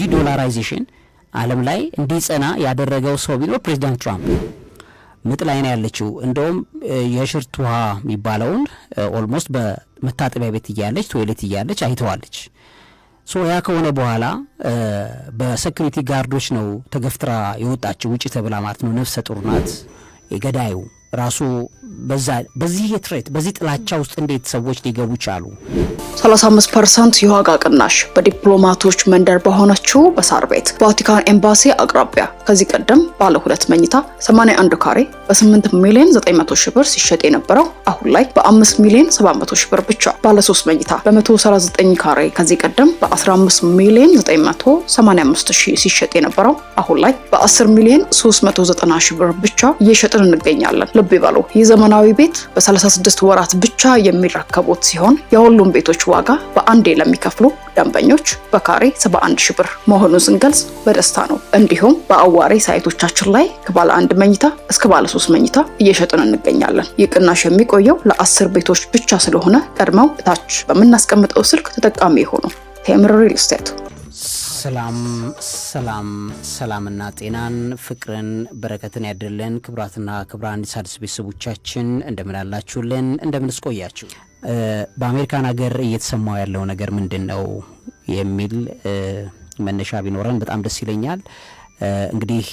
ዲዶላራይዜሽን ዓለም ላይ እንዲጸና ያደረገው ሰው ቢኖር ፕሬዚዳንት ትራምፕ ምጥ ላይ ነው ያለችው። እንደውም የሽርት ውሃ የሚባለውን ኦልሞስት በመታጠቢያ ቤት እያለች ቶይሌት እያለች አይተዋለች። ሶ ያ ከሆነ በኋላ በሴኩሪቲ ጋርዶች ነው ተገፍትራ የወጣችው ውጭ ተብላ ማለት ነው። ነፍሰ ጡር ናት የገዳዩ ራሱ በዛ በዚህ የትሬት በዚህ ጥላቻ ውስጥ እንዴት ሰዎች ሊገቡ ቻሉ? 35 ፐርሰንት የዋጋ ቅናሽ በዲፕሎማቶች መንደር በሆነችው በሳር ቤት ቫቲካን ኤምባሲ አቅራቢያ ከዚህ ቀደም ባለ ሁለት መኝታ 81 ካሬ በ8 ሚሊዮን 900 ሺህ ብር ሲሸጥ የነበረው አሁን ላይ በ5 ሚሊዮን 700 ሺህ ብር ብቻ፣ ባለ 3 መኝታ በ139 ካሬ ከዚህ ቀደም በ15 ሚሊዮን 985 ሺህ ሲሸጥ የነበረው አሁን ላይ በ10 ሚሊዮን 390 ሺህ ብር ብቻ እየሸጥን እንገኛለን። ልብ ይበሉ፣ ይህ ዘመናዊ ቤት በ36 ወራት ብቻ የሚረከቡት ሲሆን የሁሉም ቤቶች ዋጋ በአንዴ ለሚከፍሉ ደንበኞች በካሬ 71 ሺ ብር መሆኑን ስንገልጽ በደስታ ነው። እንዲሁም በአዋሬ ሳይቶቻችን ላይ ከባለ አንድ መኝታ እስከ ባለ ሶስት መኝታ እየሸጥን እንገኛለን። ይህ ቅናሽ የሚቆየው ለአስር ቤቶች ብቻ ስለሆነ ቀድመው እታች በምናስቀምጠው ስልክ ተጠቃሚ የሆኑ ቴምር ሪል ስቴት ሰላም ሰላም ሰላምና ጤናን ፍቅርን በረከትን ያደለን ክብራትና ክብራን የሣድስ ቤተሰቦቻችን እንደምናላችሁልን እንደምንስ ቆያችሁ። በአሜሪካን ሀገር እየተሰማው ያለው ነገር ምንድን ነው የሚል መነሻ ቢኖረን በጣም ደስ ይለኛል። እንግዲህ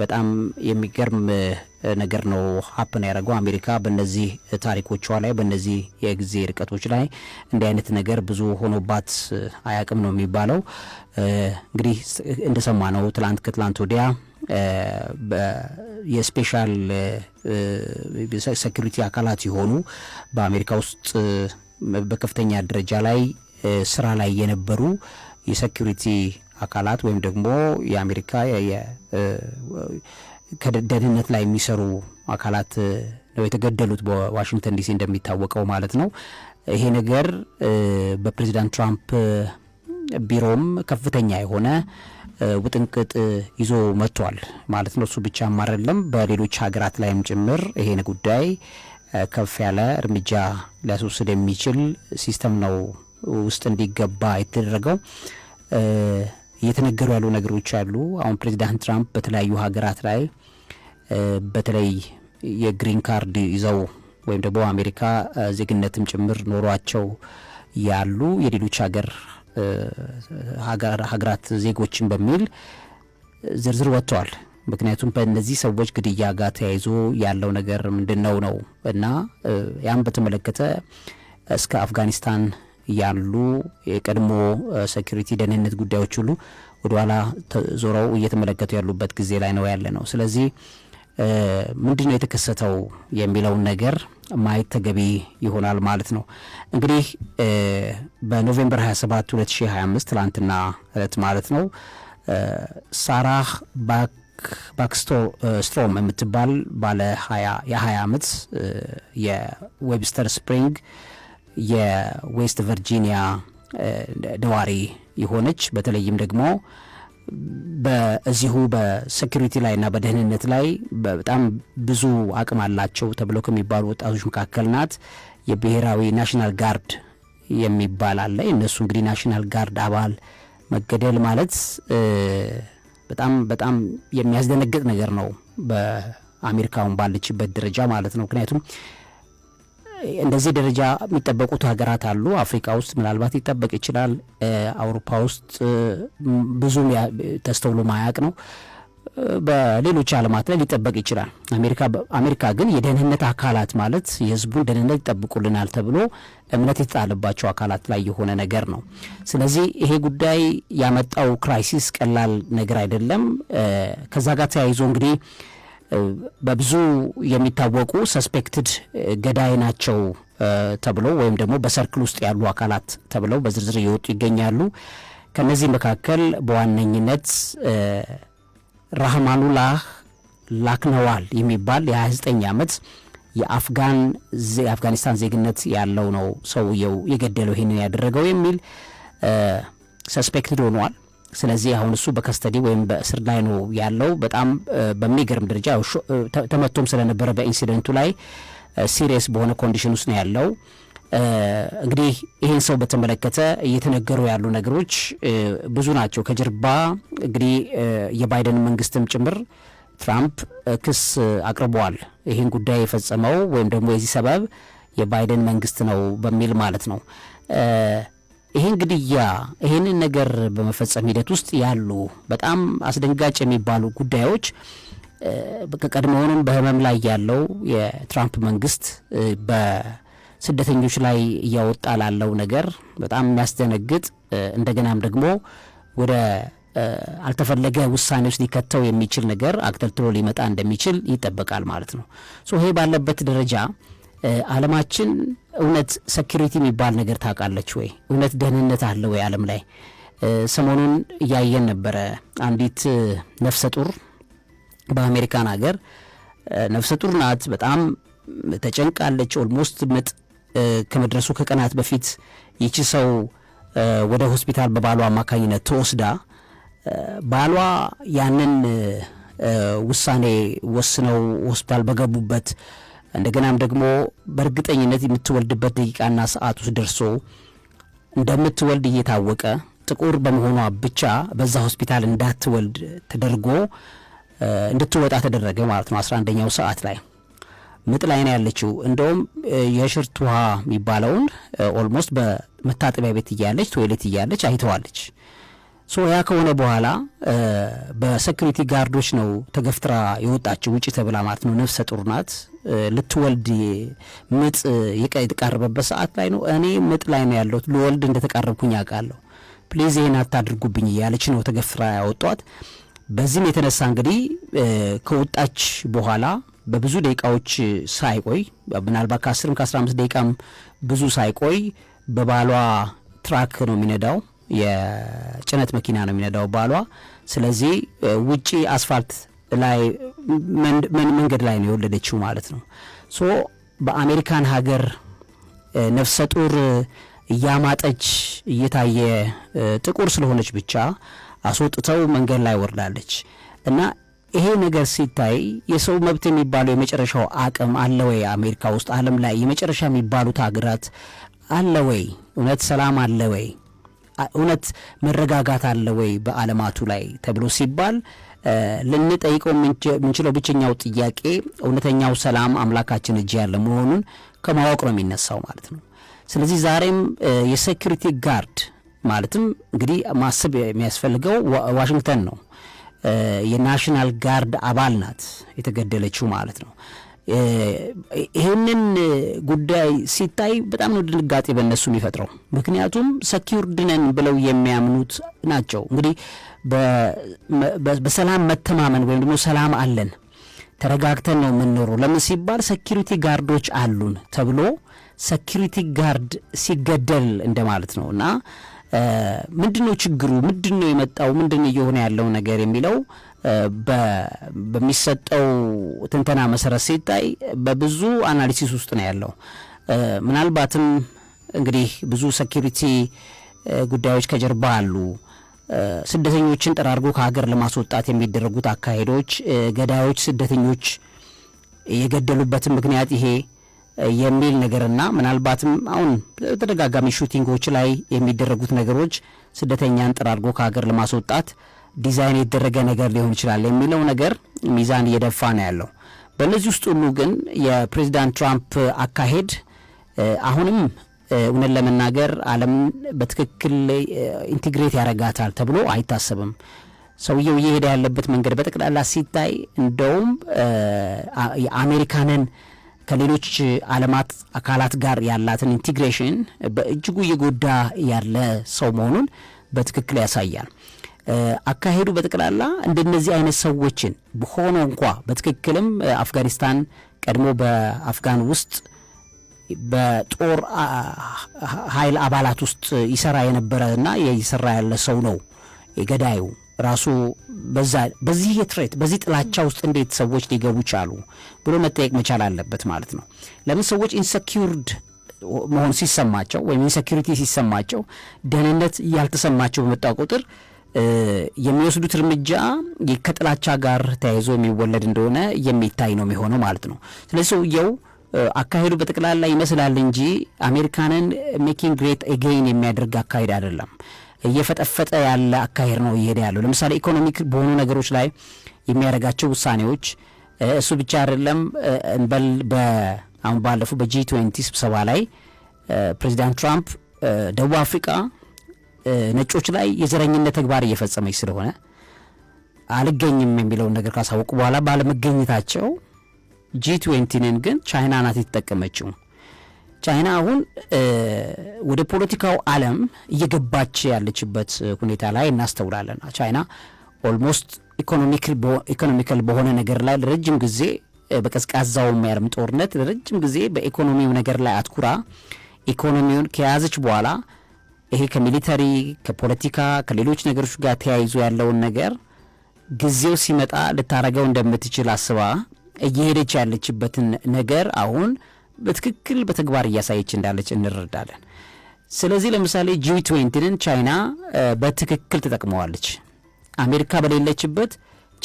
በጣም የሚገርም ነገር ነው ሀፕን ያደረገው። አሜሪካ በነዚህ ታሪኮቿ ላይ በነዚህ የጊዜ ርቀቶች ላይ እንዲህ አይነት ነገር ብዙ ሆኖባት አያቅም ነው የሚባለው። እንግዲህ እንደሰማ ነው ትላንት ከትላንት ወዲያ የስፔሻል ሴኩሪቲ አካላት የሆኑ በአሜሪካ ውስጥ በከፍተኛ ደረጃ ላይ ስራ ላይ የነበሩ የሴኩሪቲ አካላት ወይም ደግሞ የአሜሪካ ከደህንነት ላይ የሚሰሩ አካላት ነው የተገደሉት በዋሽንግተን ዲሲ እንደሚታወቀው ማለት ነው። ይሄ ነገር በፕሬዚዳንት ትራምፕ ቢሮም ከፍተኛ የሆነ ውጥንቅጥ ይዞ መጥቷል ማለት ነው። እሱ ብቻም አይደለም፣ በሌሎች ሀገራት ላይም ጭምር ይሄን ጉዳይ ከፍ ያለ እርምጃ ሊያስወስድ የሚችል ሲስተም ነው ውስጥ እንዲገባ የተደረገው። እየተነገሩ ያሉ ነገሮች አሉ። አሁን ፕሬዚዳንት ትራምፕ በተለያዩ ሀገራት ላይ በተለይ የግሪን ካርድ ይዘው ወይም ደግሞ አሜሪካ ዜግነትም ጭምር ኖሯቸው ያሉ የሌሎች ሀገር ሀገራት ዜጎችን በሚል ዝርዝር ወጥተዋል። ምክንያቱም በእነዚህ ሰዎች ግድያ ጋር ተያይዞ ያለው ነገር ምንድን ነው ነው እና ያም በተመለከተ እስከ አፍጋኒስታን ያሉ የቀድሞ ሴኩሪቲ ደህንነት ጉዳዮች ሁሉ ወደኋላ ዞረው እየተመለከቱ ያሉበት ጊዜ ላይ ነው ያለ ነው። ስለዚህ ምንድነው የተከሰተው የሚለውን ነገር ማየት ተገቢ ይሆናል ማለት ነው። እንግዲህ በኖቬምበር 27 2025 ትላንትና እለት ማለት ነው ሳራህ ባክስትሮም የምትባል ባለ የ20 ዓመት የዌብስተር ስፕሪንግ የዌስት ቨርጂኒያ ነዋሪ የሆነች በተለይም ደግሞ በዚሁ በሴኩሪቲ ላይ እና በደህንነት ላይ በጣም ብዙ አቅም አላቸው ተብለው ከሚባሉ ወጣቶች መካከል ናት። የብሔራዊ ናሽናል ጋርድ የሚባል አለ። እነሱ እንግዲህ ናሽናል ጋርድ አባል መገደል ማለት በጣም በጣም የሚያስደነግጥ ነገር ነው። በአሜሪካውን ባለችበት ደረጃ ማለት ነው። ምክንያቱም እንደዚህ ደረጃ የሚጠበቁት ሀገራት አሉ። አፍሪካ ውስጥ ምናልባት ሊጠበቅ ይችላል። አውሮፓ ውስጥ ብዙም ተስተውሎ ማያቅ ነው። በሌሎች ዓለማት ላይ ሊጠበቅ ይችላል። አሜሪካ ግን የደህንነት አካላት ማለት የህዝቡን ደህንነት ይጠብቁልናል ተብሎ እምነት የተጣለባቸው አካላት ላይ የሆነ ነገር ነው። ስለዚህ ይሄ ጉዳይ ያመጣው ክራይሲስ ቀላል ነገር አይደለም። ከዛ ጋር ተያይዞ እንግዲህ በብዙ የሚታወቁ ሰስፔክትድ eh, ገዳይ ናቸው eh, ተብለው ወይም ደግሞ በሰርክል ውስጥ ያሉ አካላት ተብለው በዝርዝር እየወጡ ይገኛሉ። ከነዚህ መካከል በዋነኝነት ራህማኑላህ eh, ላክነዋል የሚባል የ29 ዓመት የአፍጋን የአፍጋኒስታን ዜግነት ያለው ነው ሰውየው የገደለው ይህንን ያደረገው የሚል ሰስፔክትድ ሆነዋል። ስለዚህ አሁን እሱ በከስተዲ ወይም በእስር ላይ ነው ያለው። በጣም በሚገርም ደረጃ ተመቶም ስለነበረ በኢንሲደንቱ ላይ ሲሪየስ በሆነ ኮንዲሽን ውስጥ ነው ያለው። እንግዲህ ይህን ሰው በተመለከተ እየተነገሩ ያሉ ነገሮች ብዙ ናቸው። ከጀርባ እንግዲህ የባይደን መንግስትም ጭምር ትራምፕ ክስ አቅርበዋል። ይህን ጉዳይ የፈጸመው ወይም ደግሞ የዚህ ሰበብ የባይደን መንግስት ነው በሚል ማለት ነው። ይህን ግድያ ይህንን ነገር በመፈጸም ሂደት ውስጥ ያሉ በጣም አስደንጋጭ የሚባሉ ጉዳዮች ከቀድሞውንም በህመም ላይ ያለው የትራምፕ መንግስት በስደተኞች ላይ እያወጣ ላለው ነገር በጣም የሚያስደነግጥ እንደገናም ደግሞ ወደ አልተፈለገ ውሳኔ ውስጥ ሊከተው የሚችል ነገር አክተልትሎ ሊመጣ እንደሚችል ይጠበቃል ማለት ነው። ይሄ ባለበት ደረጃ ዓለማችን እውነት ሰኪሪቲ የሚባል ነገር ታውቃለች ወይ? እውነት ደህንነት አለ ወይ ዓለም ላይ? ሰሞኑን እያየን ነበረ። አንዲት ነፍሰ ጡር በአሜሪካን ሀገር ነፍሰ ጡር ናት። በጣም ተጨንቃለች። ኦልሞስት ምጥ ከመድረሱ ከቀናት በፊት ይቺ ሰው ወደ ሆስፒታል በባሏ አማካኝነት ተወስዳ ባሏ ያንን ውሳኔ ወስነው ሆስፒታል በገቡበት እንደገናም ደግሞ በእርግጠኝነት የምትወልድበት ደቂቃና ሰዓት ውስጥ ደርሶ እንደምትወልድ እየታወቀ ጥቁር በመሆኗ ብቻ በዛ ሆስፒታል እንዳትወልድ ተደርጎ እንድትወጣ ተደረገ ማለት ነው። አስራ አንደኛው ሰዓት ላይ ምጥ ላይ ነው ያለችው። እንደውም የሽርት ውሃ የሚባለውን ኦልሞስት በመታጠቢያ ቤት እያለች ቶይሌት እያለች አይተዋለች። ሶ ያ ከሆነ በኋላ በሴኩሪቲ ጋርዶች ነው ተገፍትራ የወጣችው ውጭ ተብላ ማለት ነው። ነፍሰ ጡር ናት። ልትወልድ ምጥ የተቃረበበት ሰዓት ላይ ነው። እኔ ምጥ ላይ ነው ያለሁት፣ ልወልድ እንደተቃረብኩኝ አውቃለሁ፣ ፕሊዝ ይህን አታድርጉብኝ እያለች ነው ተገፍራ ያወጧት። በዚህም የተነሳ እንግዲህ ከወጣች በኋላ በብዙ ደቂቃዎች ሳይቆይ ምናልባት ከአስርም ከአስራ አምስት ደቂቃም ብዙ ሳይቆይ በባሏ ትራክ ነው የሚነዳው የጭነት መኪና ነው የሚነዳው ባሏ። ስለዚህ ውጪ አስፋልት ላይ መንገድ ላይ ነው የወለደችው ማለት ነው። ሶ በአሜሪካን ሀገር ነፍሰ ጡር እያማጠች እየታየ ጥቁር ስለሆነች ብቻ አስወጥተው መንገድ ላይ ወርዳለች እና ይሄ ነገር ሲታይ የሰው መብት የሚባለው የመጨረሻው አቅም አለ ወይ? አሜሪካ ውስጥ ዓለም ላይ የመጨረሻ የሚባሉት ሀገራት አለ ወይ? እውነት ሰላም አለ ወይ? እውነት መረጋጋት አለ ወይ በዓለማቱ ላይ ተብሎ ሲባል ልንጠይቀው የምንችለው ብቸኛው ጥያቄ እውነተኛው ሰላም አምላካችን እጅ ያለ መሆኑን ከማወቅ ነው የሚነሳው ማለት ነው። ስለዚህ ዛሬም የሴኪሪቲ ጋርድ ማለትም እንግዲህ ማሰብ የሚያስፈልገው ዋሽንግተን ነው። የናሽናል ጋርድ አባል ናት የተገደለችው ማለት ነው። ይህንን ጉዳይ ሲታይ በጣም ነው ድንጋጤ በእነሱ የሚፈጥረው። ምክንያቱም ሰኪውርድ ነን ብለው የሚያምኑት ናቸው። እንግዲህ በሰላም መተማመን ወይም ደግሞ ሰላም አለን ተረጋግተን ነው የምንኖረው። ለምን ሲባል ሰኪሪቲ ጋርዶች አሉን ተብሎ ሰኪሪቲ ጋርድ ሲገደል እንደማለት ነው። እና ምንድን ነው ችግሩ? ምንድን ነው የመጣው? ምንድን እየሆነ ያለው ነገር የሚለው በሚሰጠው ትንተና መሰረት ሲታይ በብዙ አናሊሲስ ውስጥ ነው ያለው። ምናልባትም እንግዲህ ብዙ ሴኪሪቲ ጉዳዮች ከጀርባ አሉ። ስደተኞችን ጠራርጎ ከሀገር ለማስወጣት የሚደረጉት አካሄዶች፣ ገዳዮች ስደተኞች የገደሉበትን ምክንያት ይሄ የሚል ነገርና ምናልባትም አሁን በተደጋጋሚ ሹቲንጎች ላይ የሚደረጉት ነገሮች ስደተኛን ጠራርጎ ከሀገር ለማስወጣት ዲዛይን የተደረገ ነገር ሊሆን ይችላል የሚለው ነገር ሚዛን እየደፋ ነው ያለው። በእነዚህ ውስጥ ሁሉ ግን የፕሬዚዳንት ትራምፕ አካሄድ አሁንም እውነት ለመናገር ዓለም በትክክል ኢንቲግሬት ያደርጋታል ተብሎ አይታሰብም። ሰውየው እየሄደ ያለበት መንገድ በጠቅላላ ሲታይ እንደውም የአሜሪካንን ከሌሎች ዓለማት አካላት ጋር ያላትን ኢንቲግሬሽን በእጅጉ እየጎዳ ያለ ሰው መሆኑን በትክክል ያሳያል። አካሄዱ በጠቅላላ እንደነዚህ አይነት ሰዎችን ሆኖ እንኳ በትክክልም አፍጋኒስታን ቀድሞ በአፍጋን ውስጥ በጦር ኃይል አባላት ውስጥ ይሰራ የነበረ እና ይሰራ ያለ ሰው ነው የገዳዩ ራሱ። በዛ በዚህ የትሬት በዚህ ጥላቻ ውስጥ እንዴት ሰዎች ሊገቡ ቻሉ ብሎ መጠየቅ መቻል አለበት ማለት ነው። ለምን ሰዎች ኢንሰኪርድ መሆን ሲሰማቸው ወይም ኢንሰኪሪቲ ሲሰማቸው ደህንነት ያልተሰማቸው በመጣ ቁጥር የሚወስዱት እርምጃ ከጥላቻ ጋር ተያይዞ የሚወለድ እንደሆነ የሚታይ ነው የሚሆነው ማለት ነው። ስለዚህ ሰውየው አካሄዱ በጠቅላላ ይመስላል እንጂ አሜሪካንን ሜኪንግ ግሬት ኤጌይን የሚያደርግ አካሄድ አይደለም። እየፈጠፈጠ ያለ አካሄድ ነው እየሄደ ያለው። ለምሳሌ ኢኮኖሚክ በሆኑ ነገሮች ላይ የሚያደርጋቸው ውሳኔዎች፣ እሱ ብቻ አይደለም። አሁን ባለፉ በጂ ትዌንቲ ስብሰባ ላይ ፕሬዚዳንት ትራምፕ ደቡብ አፍሪካ ነጮች ላይ የዘረኝነት ተግባር እየፈጸመች ስለሆነ አልገኝም የሚለውን ነገር ካሳወቁ በኋላ ባለመገኘታቸው ጂ ትዌንቲንን ግን ቻይና ናት የተጠቀመችው። ቻይና አሁን ወደ ፖለቲካው ዓለም እየገባች ያለችበት ሁኔታ ላይ እናስተውላለን። ቻይና ኦልሞስት ኢኮኖሚካል በሆነ ነገር ላይ ለረጅም ጊዜ በቀዝቃዛው የሚያርም ጦርነት ለረጅም ጊዜ በኢኮኖሚው ነገር ላይ አትኩራ ኢኮኖሚውን ከያዘች በኋላ ይሄ ከሚሊተሪ ከፖለቲካ ከሌሎች ነገሮች ጋር ተያይዞ ያለውን ነገር ጊዜው ሲመጣ ልታረገው እንደምትችል አስባ እየሄደች ያለችበትን ነገር አሁን በትክክል በተግባር እያሳየች እንዳለች እንረዳለን። ስለዚህ ለምሳሌ ጂ ትዌንቲንን ቻይና በትክክል ትጠቅመዋለች። አሜሪካ በሌለችበት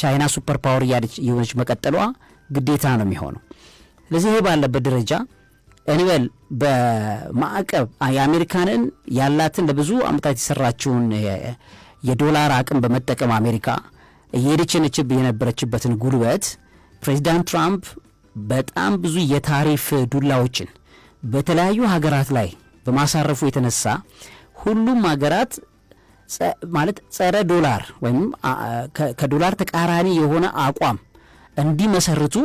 ቻይና ሱፐር ፓወር እያለች የሆነች መቀጠሏ ግዴታ ነው የሚሆነው። ስለዚህ ይሄ ባለበት ደረጃ እንበል በማዕቀብ የአሜሪካንን ያላትን ለብዙ አመታት የሰራችውን የዶላር አቅም በመጠቀም አሜሪካ እየሄደች የነበረችበትን ጉልበት ፕሬዚዳንት ትራምፕ በጣም ብዙ የታሪፍ ዱላዎችን በተለያዩ ሀገራት ላይ በማሳረፉ የተነሳ ሁሉም ሀገራት ማለት ጸረ ዶላር ወይም ከዶላር ተቃራኒ የሆነ አቋም እንዲመሰርቱ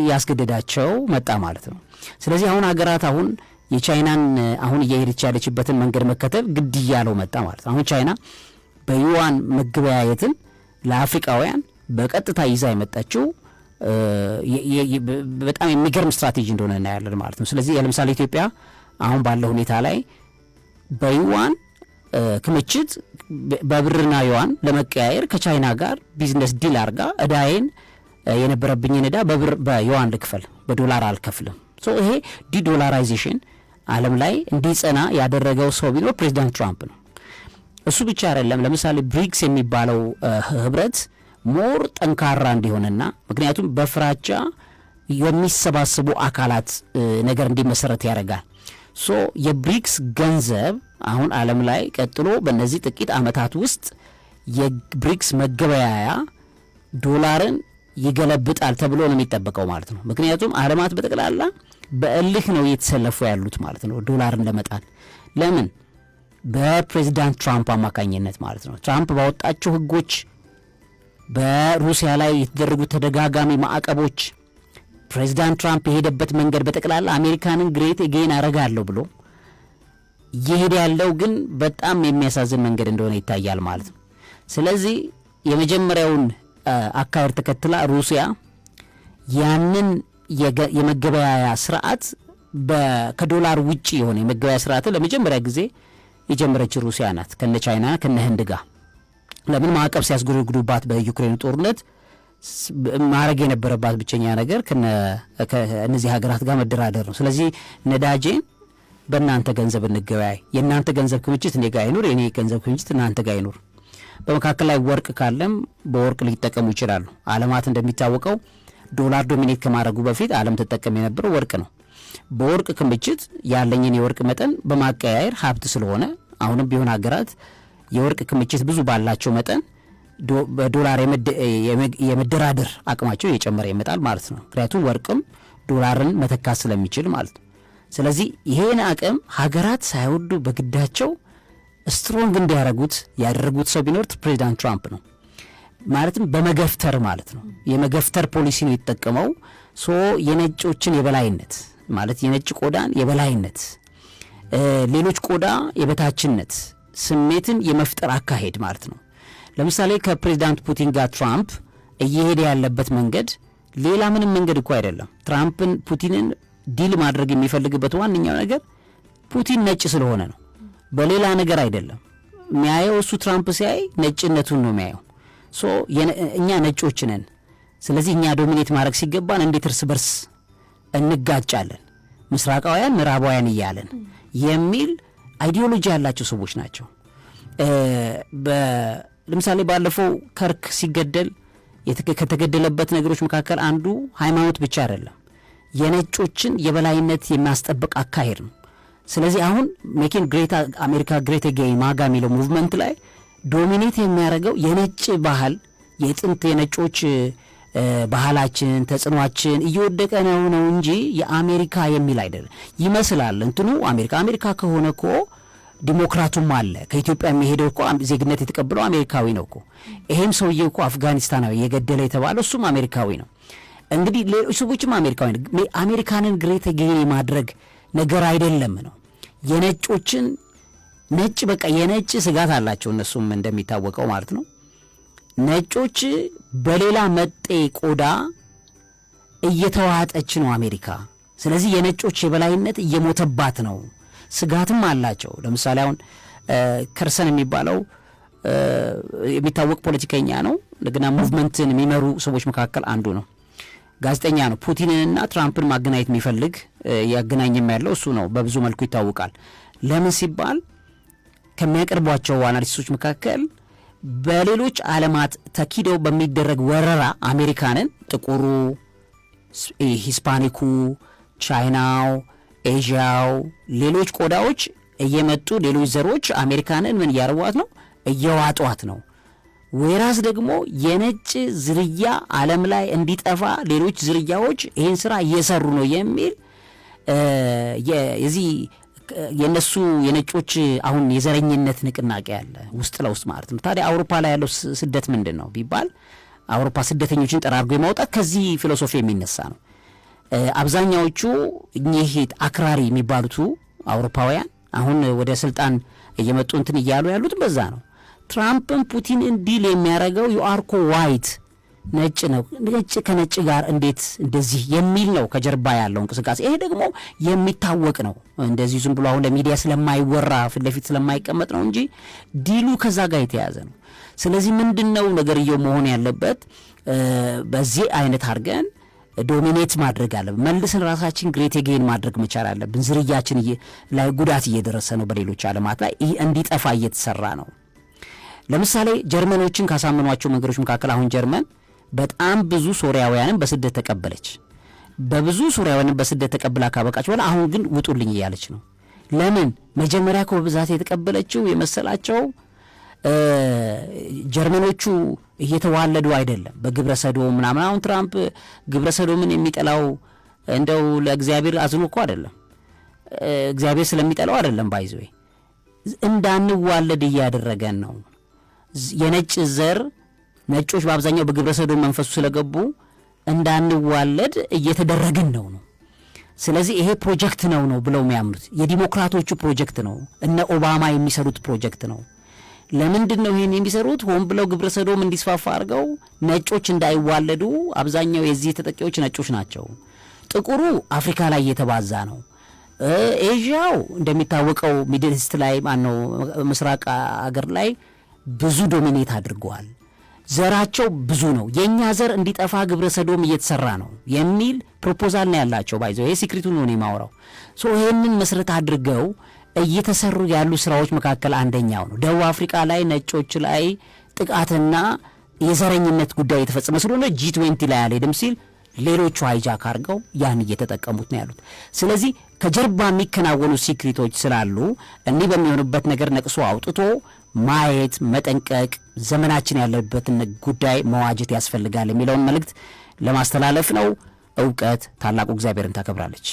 እያስገደዳቸው መጣ ማለት ነው። ስለዚህ አሁን ሀገራት አሁን የቻይናን አሁን እየሄደች ያለችበትን መንገድ መከተል ግድ እያለው መጣ ማለት ነው። አሁን ቻይና በዩዋን መገበያየትን ለአፍሪካውያን በቀጥታ ይዛ የመጣችው በጣም የሚገርም ስትራቴጂ እንደሆነ እናያለን ማለት ነው። ስለዚህ ለምሳሌ ኢትዮጵያ አሁን ባለው ሁኔታ ላይ በዩዋን ክምችት በብርና ዩዋን ለመቀያየር ከቻይና ጋር ቢዝነስ ዲል አድርጋ እዳዬን የነበረብኝ ዕዳ በብር በዩዋን ልክፈል፣ በዶላር አልከፍልም። ሶ ይሄ ዲዶላራይዜሽን አለም ላይ እንዲጸና ያደረገው ሰው ቢኖር ፕሬዚዳንት ትራምፕ ነው። እሱ ብቻ አይደለም። ለምሳሌ ብሪክስ የሚባለው ህብረት ሞር ጠንካራ እንዲሆንና ምክንያቱም በፍራቻ የሚሰባሰቡ አካላት ነገር እንዲመሰረት ያደርጋል። ሶ የብሪክስ ገንዘብ አሁን አለም ላይ ቀጥሎ በእነዚህ ጥቂት አመታት ውስጥ የብሪክስ መገበያያ ዶላርን ይገለብጣል ተብሎ ነው የሚጠበቀው ማለት ነው። ምክንያቱም አለማት በጠቅላላ በእልህ ነው እየተሰለፉ ያሉት ማለት ነው ዶላርን ለመጣል ለምን በፕሬዚዳንት ትራምፕ አማካኝነት ማለት ነው። ትራምፕ ባወጣቸው ህጎች በሩሲያ ላይ የተደረጉ ተደጋጋሚ ማዕቀቦች፣ ፕሬዚዳንት ትራምፕ የሄደበት መንገድ በጠቅላላ አሜሪካንን ግሬት ጌን አረጋለሁ ብሎ እየሄደ ያለው ግን በጣም የሚያሳዝን መንገድ እንደሆነ ይታያል ማለት ነው። ስለዚህ የመጀመሪያውን አካሄድ ተከትላ ሩሲያ ያንን የመገበያያ ስርዓት ከዶላር ውጭ የሆነ የመገበያ ስርዓትን ለመጀመሪያ ጊዜ የጀመረች ሩሲያ ናት፣ ከነ ቻይና ከነ ህንድ ጋር። ለምን ማዕቀብ ሲያስጎደግዱባት በዩክሬን ጦርነት ማድረግ የነበረባት ብቸኛ ነገር ከእነዚህ ሀገራት ጋር መደራደር ነው። ስለዚህ ነዳጄን በእናንተ ገንዘብ እንገበያይ፣ የእናንተ ገንዘብ ክምችት እኔ ጋ አይኑር፣ የኔ ገንዘብ ክምችት እናንተ ጋ አይኑር በመካከል ላይ ወርቅ ካለም በወርቅ ሊጠቀሙ ይችላሉ። አለማት እንደሚታወቀው ዶላር ዶሚኔት ከማድረጉ በፊት አለም ትጠቀም የነበረው ወርቅ ነው። በወርቅ ክምችት ያለኝን የወርቅ መጠን በማቀያየር ሀብት ስለሆነ አሁንም ቢሆን ሀገራት የወርቅ ክምችት ብዙ ባላቸው መጠን በዶላር የመደራደር አቅማቸው እየጨመረ ይመጣል ማለት ነው። ምክንያቱም ወርቅም ዶላርን መተካት ስለሚችል ማለት ነው። ስለዚህ ይሄን አቅም ሀገራት ሳይወዱ በግዳቸው ስትሮንግ እንዲያደረጉት ያደረጉት ሰው ቢኖር ፕሬዚዳንት ትራምፕ ነው። ማለትም በመገፍተር ማለት ነው። የመገፍተር ፖሊሲ ነው የተጠቀመው። ሶ የነጮችን የበላይነት ማለት የነጭ ቆዳን የበላይነት፣ ሌሎች ቆዳ የበታችነት ስሜትን የመፍጠር አካሄድ ማለት ነው። ለምሳሌ ከፕሬዚዳንት ፑቲን ጋር ትራምፕ እየሄደ ያለበት መንገድ ሌላ ምንም መንገድ እኮ አይደለም። ትራምፕን ፑቲንን ዲል ማድረግ የሚፈልግበት ዋነኛው ነገር ፑቲን ነጭ ስለሆነ ነው። በሌላ ነገር አይደለም የሚያየው። እሱ ትራምፕ ሲያይ ነጭነቱን ነው የሚያየው። ሶ እኛ ነጮች ነን፣ ስለዚህ እኛ ዶሚኔት ማድረግ ሲገባን እንዴት እርስ በርስ እንጋጫለን ምስራቃውያን ምዕራባውያን እያለን የሚል አይዲዮሎጂ ያላቸው ሰዎች ናቸው። ለምሳሌ ባለፈው ከርክ ሲገደል ከተገደለበት ነገሮች መካከል አንዱ ሃይማኖት ብቻ አይደለም፣ የነጮችን የበላይነት የሚያስጠብቅ አካሄድ ነው። ስለዚህ አሁን ሜኪን ግሬት አሜሪካ ግሬት አጌን ማጋ የሚለው ሙቭመንት ላይ ዶሚኔት የሚያደርገው የነጭ ባህል የጥንት የነጮች ባህላችን ተጽዕኗችን እየወደቀ ነው ነው እንጂ የአሜሪካ የሚል አይደለም ይመስላል። እንትኑ አሜሪካ አሜሪካ ከሆነ እኮ ዲሞክራቱም አለ ከኢትዮጵያ የሚሄደው እኮ ዜግነት የተቀበለው አሜሪካዊ ነው እኮ። ይሄም ሰውዬ እኮ አፍጋኒስታናዊ የገደለ የተባለው እሱም አሜሪካዊ ነው። እንግዲህ ሌሎች ሰዎችም አሜሪካዊ ነው። አሜሪካንን ግሬት አጌን ማድረግ ነገር አይደለም ነው የነጮችን ነጭ በቃ የነጭ ስጋት አላቸው እነሱም እንደሚታወቀው ማለት ነው። ነጮች በሌላ መጤ ቆዳ እየተዋጠች ነው አሜሪካ። ስለዚህ የነጮች የበላይነት እየሞተባት ነው፣ ስጋትም አላቸው። ለምሳሌ አሁን ከርሰን የሚባለው የሚታወቅ ፖለቲከኛ ነው። እንደገና ሙቭመንትን የሚመሩ ሰዎች መካከል አንዱ ነው። ጋዜጠኛ ነው። ፑቲንንና ትራምፕን ማገናኘት የሚፈልግ ያገናኝም ያለው እሱ ነው። በብዙ መልኩ ይታወቃል። ለምን ሲባል ከሚያቀርቧቸው አናሊስቶች መካከል በሌሎች ዓለማት ተኪደው በሚደረግ ወረራ አሜሪካንን ጥቁሩ፣ ሂስፓኒኩ፣ ቻይናው፣ ኤዥያው፣ ሌሎች ቆዳዎች እየመጡ ሌሎች ዘሮች አሜሪካንን ምን እያረቧት ነው? እየዋጧት ነው። ወይራስ ደግሞ የነጭ ዝርያ ዓለም ላይ እንዲጠፋ ሌሎች ዝርያዎች ይህን ስራ እየሰሩ ነው የሚል የዚህ የነሱ የነጮች አሁን የዘረኝነት ንቅናቄ አለ ውስጥ ለውስጥ ማለት ነው። ታዲያ አውሮፓ ላይ ያለው ስደት ምንድን ነው ቢባል አውሮፓ ስደተኞችን ጠራርጎ የማውጣት ከዚህ ፊሎሶፊ የሚነሳ ነው። አብዛኛዎቹ እኚህ አክራሪ የሚባሉቱ አውሮፓውያን አሁን ወደ ስልጣን እየመጡ እንትን እያሉ ያሉት በዛ ነው። ትራምፕን ፑቲን እንዲል የሚያደርገው ዩአርኮ ዋይት ነጭ ነው። ነጭ ከነጭ ጋር እንዴት እንደዚህ የሚል ነው ከጀርባ ያለው እንቅስቃሴ። ይሄ ደግሞ የሚታወቅ ነው። እንደዚህ ዝም ብሎ አሁን ለሚዲያ ስለማይወራ ፊት ለፊት ስለማይቀመጥ ነው እንጂ ዲሉ ከዛ ጋር የተያዘ ነው። ስለዚህ ምንድን ነው ነገርየው መሆን ያለበት? በዚህ አይነት አድርገን ዶሚኔት ማድረግ አለብን። መልስን ራሳችን ግሬት ጌን ማድረግ መቻል አለብን። ዝርያችን ላይ ጉዳት እየደረሰ ነው። በሌሎች ዓለማት ላይ ይህ እንዲጠፋ እየተሰራ ነው። ለምሳሌ ጀርመኖችን ካሳመኗቸው መንገዶች መካከል አሁን ጀርመን በጣም ብዙ ሶሪያውያንን በስደት ተቀበለች። በብዙ ሶሪያውያንን በስደት ተቀብላ ካበቃች በኋላ አሁን ግን ውጡልኝ እያለች ነው። ለምን መጀመሪያ እኮ በብዛት የተቀበለችው የመሰላቸው ጀርመኖቹ እየተዋለዱ አይደለም፣ በግብረ ሰዶ ምናምን። አሁን ትራምፕ ግብረ ሰዶምን የሚጠላው እንደው ለእግዚአብሔር አዝኖ እኮ አይደለም፣ እግዚአብሔር ስለሚጠላው አይደለም። ባይዘዌ እንዳንዋለድ እያደረገን ነው። የነጭ ዘር ነጮች በአብዛኛው በግብረ ሰዶም መንፈሱ ስለገቡ እንዳንዋለድ እየተደረግን ነው ነው። ስለዚህ ይሄ ፕሮጀክት ነው ነው ብለው የሚያምኑት የዲሞክራቶቹ ፕሮጀክት ነው፣ እነ ኦባማ የሚሰሩት ፕሮጀክት ነው። ለምንድን ነው ይህን የሚሰሩት? ሆን ብለው ግብረ ሰዶም እንዲስፋፋ አድርገው ነጮች እንዳይዋለዱ። አብዛኛው የዚህ ተጠቂዎች ነጮች ናቸው። ጥቁሩ አፍሪካ ላይ እየተባዛ ነው። ኤዥያው እንደሚታወቀው ሚድል ኢስት ላይ ማነው ምስራቅ አገር ላይ ብዙ ዶሚኔት አድርገዋል። ዘራቸው ብዙ ነው፣ የእኛ ዘር እንዲጠፋ ግብረ ሰዶም እየተሰራ ነው የሚል ፕሮፖዛል ነው ያላቸው። ባይዘ ይሄ ሲክሪቱ ነው የማውራው። ይህንን መሰረት አድርገው እየተሰሩ ያሉ ስራዎች መካከል አንደኛው ነው። ደቡብ አፍሪካ ላይ ነጮች ላይ ጥቃትና የዘረኝነት ጉዳይ የተፈጸመ ስለሆነ ጂ ትዌንቲ ላይ አልሄድም ሲል ሌሎቹ ሃይጃክ አድርገው ያን እየተጠቀሙት ነው ያሉት። ስለዚህ ከጀርባ የሚከናወኑ ሲክሪቶች ስላሉ እኒህ በሚሆኑበት ነገር ነቅሶ አውጥቶ ማየት መጠንቀቅ ዘመናችን ያለበትን ጉዳይ መዋጀት ያስፈልጋል የሚለውን መልእክት ለማስተላለፍ ነው። እውቀት ታላቁ እግዚአብሔርን ታከብራለች።